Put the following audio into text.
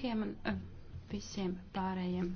bankiem eh, un visiem pārējiem.